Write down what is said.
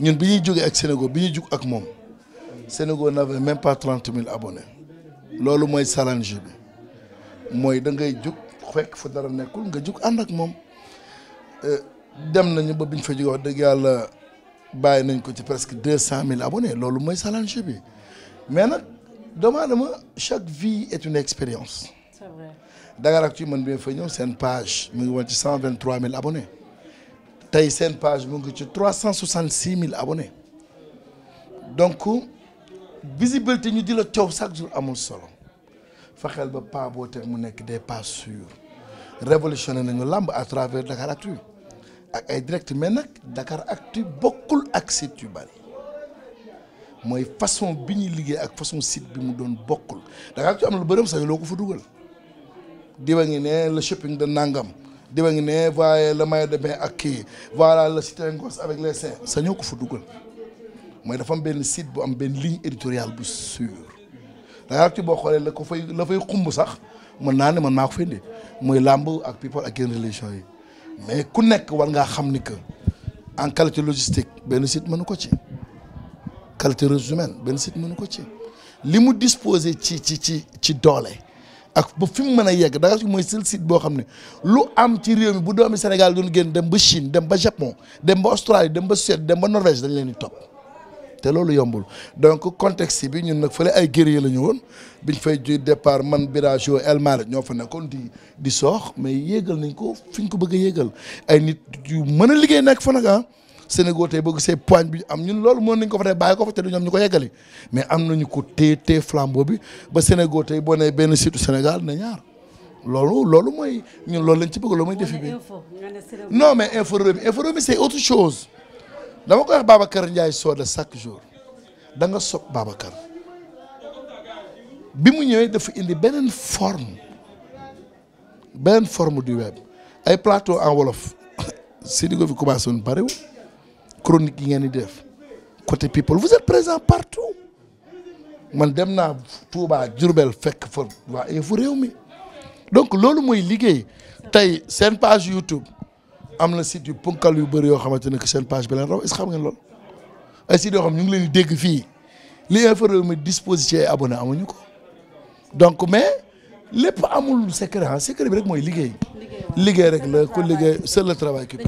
Nous sommes Sénégal nous sommes Sénégal n'avait même pas 30 000 abonnés C'est ce que bi mooy da ngay veux fekk dara nga ak euh, ba biñ presque 200.000 abonnés veux mais chaque vie est une expérience. c'est vrai c'est man page mu ngi woon abonnés tey Sen page mu ngi ci trois abonnés donc visibilité ñu dit le coow chaque jour amul solo fexeel ba pas boo teg mu nekk des pas sûrs Révolutionner nañu làmb à travers Dakaractu ak ay direct mais nag Dakaractu bokkul ak site bari façon bi ñuy liggéey ak façon site bi mu doon Dakar Dakaractu am na lu bëri sax loo ko fa dugal diwa ngi ne le shopping de nangam. Diwanguiné voyez le maire de bain ak kii voilà le cité Ngos avec les saints. Ça ñoo ko fa dugal mooy dafa am ben site bu am benn ligne éditoriale bu sûr daanaka ci boo xoolee la ko fay la fay xumb sax mën naa ne man maa ko fay indi ak people ak yenn relation mais ku nekk war ngaa xam que en qualité logistique Ben site mënu ko ci qualité ressources Ben benn site mënu ko ci li mu disposé ci ci ci ci ak ba fi mu mën a yegg Dakar mooy seul site boo xam ne lu am ci réew mi bu doomi Sénégal doon génn dem ba Chine dem ba Japon dem ba Australie dem ba Suède dem ba Norvège dañ leen di topp te loolu yombul donc contexte bi ñun nag fële ay guerrier la ñu woon biñ fay juy départ man Birajo El Malick ñoo fa nekkoon di di soox mais yéegal nañ ko fi ñu ko bëgg a yéegal ay nit yu mën a liggéey nekk fa nag ah. Sénégal tey bëgg see poigne bi am ñun loolu mën ñu ko fa tey ko fa té ñom mais am nañu ko de flambeau bi ba Sénégal tay site Sénégal ne ñaar loolu loolu moy ñun loolu lañ ci bëgg loolu non mais info info c'est autre chose dama wax Babacar Ndiaye Soda chaque jour da nga sok Babacar bi mu indi forme forme du web ay plateau en wolof si vous ko commencé chronique yi ngeen def côté people vous êtes présent partout man dem naa Touba Diourbel fekk wa waa Infos Rewmi donc lolu moy liggéey tay sen page YouTube am na site du ponkal yu beur yo xamante que sen page bi leen raw est-ce xam ngeen lolu ay site yo xam ñu ngi leen di dégg fi li Infos Rewmi disposé abonné amuñu ko donc mais lepp amul secret ah secret bi rek moy liggéey liggéey rek la ko liggéey seul le travail qui paie